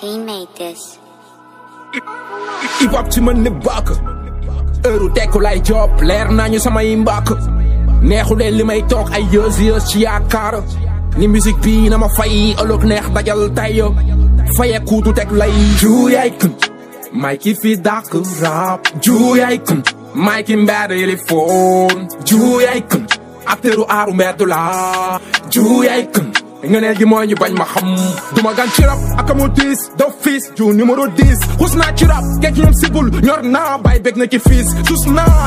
He made this. hip-hop ci mën ne bàkk heure u tekku lay job leer nañu samay mbàkk neexulee li may toog ay yës yës ci yaakaar ni music bi na ma fay ëllëg neex dajal tay fayeku du teg lay juuyaay kun Mikey ki fi dàq rap juuyaay kun may ki mbedd yi li foon juuyaay kun acteuru aaru mbedd la juuyaay kun ngëneel gi mooy ñu bañ ma xam duma gan ci rab ak amul tiis daw fiis ju numéro 10 xus naa ci rab kecc ñoom sibul ñor naa bay bég na ci fiis sus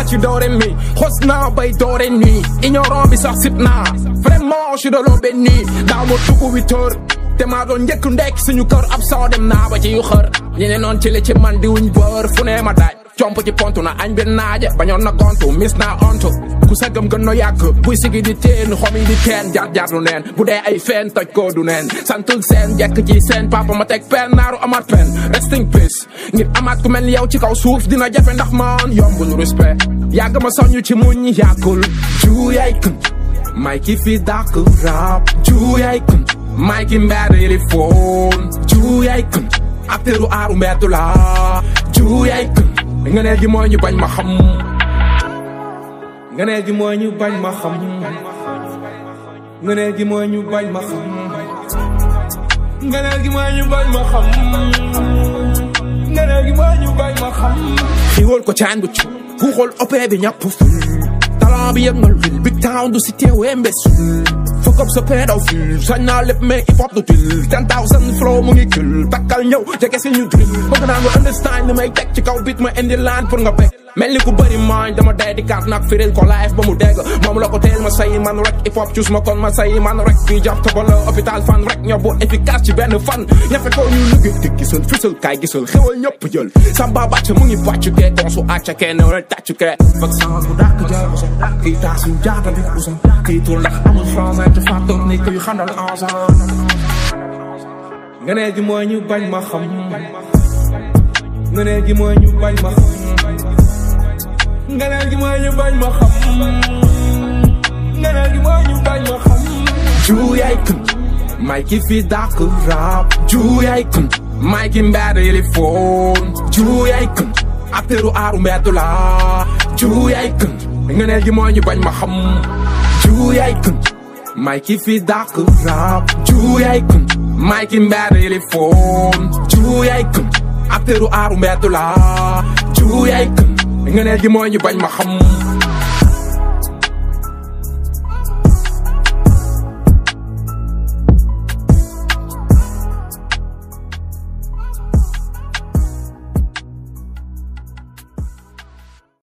ci doore mi xos naa bay doore nii ignorant bi sax sib naa vraiment je suis de l'eau bénie daaw ma tukku heures te maa doon njëkk ndekk suñu kër ab dem na ba ci yu xër ñeneen noon ci li ci man di wuñ bër fu ne ma daaj chompo ci ponto na añ be naaje bañon na tu miss na on onto ku sagam gën no yàgg buy sigi di teen mi di teen jaar jaar lu neen bu dee ay feen toj ko du neen santul seen jekk ci seen papa ma teg pen naaru amaat pen resting peace ngir amaat ku mel yow ci kaw suuf dina jafe ndax man yombul respect yàgg ma soñu ci muñ yàggul juuyay kun may ki fi dark rap juuyay kun may ki mbedd yi phone juuyay kun ab teru aaru mbedd la juuyay kun ngëneel gi mooy ñu bañ ma xam ngëneel gi mooy ñu bañ ma xam ngëneel gi mooy bañ ma xam ngëneel gi mooy bañ ma xam ngëneel gi mooy bañ ma xam xiiwal ko caan bu ci xuuxal opé bi ñàpp talent bi yëngal bi town du cité wembe hook up sa pedophile Sana let me hip hop the till 10,000 flow mu ngi kill takkal ñëw jege a new drill bëgg naa understand li may teg ci kaw beat ma indi laan pour nga mel ni ku bëri maañ dama day di kaas firil ko live ba mu dégg moom la ko teel ma sayi man rek hip hop cuus ma kon ma sayi man rek fii jàpp tobala hôpital fan rek ñoo bu efficace ci benn fan ñafe ko ñu liggéey te gisul fisul kaay gisul xewal ñëpp jël samba bàcc mu ngi bàcc kee kon su àcca kee ne wala tàcc kee vaccin bu dàkk jaay usan kii tax suñ jaata di usan kii tuur ndax amul français ci fàttoor ni koy xandal ansan nga nee gi mooy ñu bañ ma xam ñu bañ my xam ngeneel gi mooy ñu bañ ma xam juuyaay kun may ki fi dàq rap juuyaay kun may ki mbedd téléphone juuyaay kun acteuru aaru mbedd la juuyaay kun ngeneel gi mooy ñu bañ ma xam juuyaay kun may ki fi dàq rap juuyaay kun may ki mbedd téléphone juuyaay kun acteuru nga ne gi mooy ñu bañ ma xam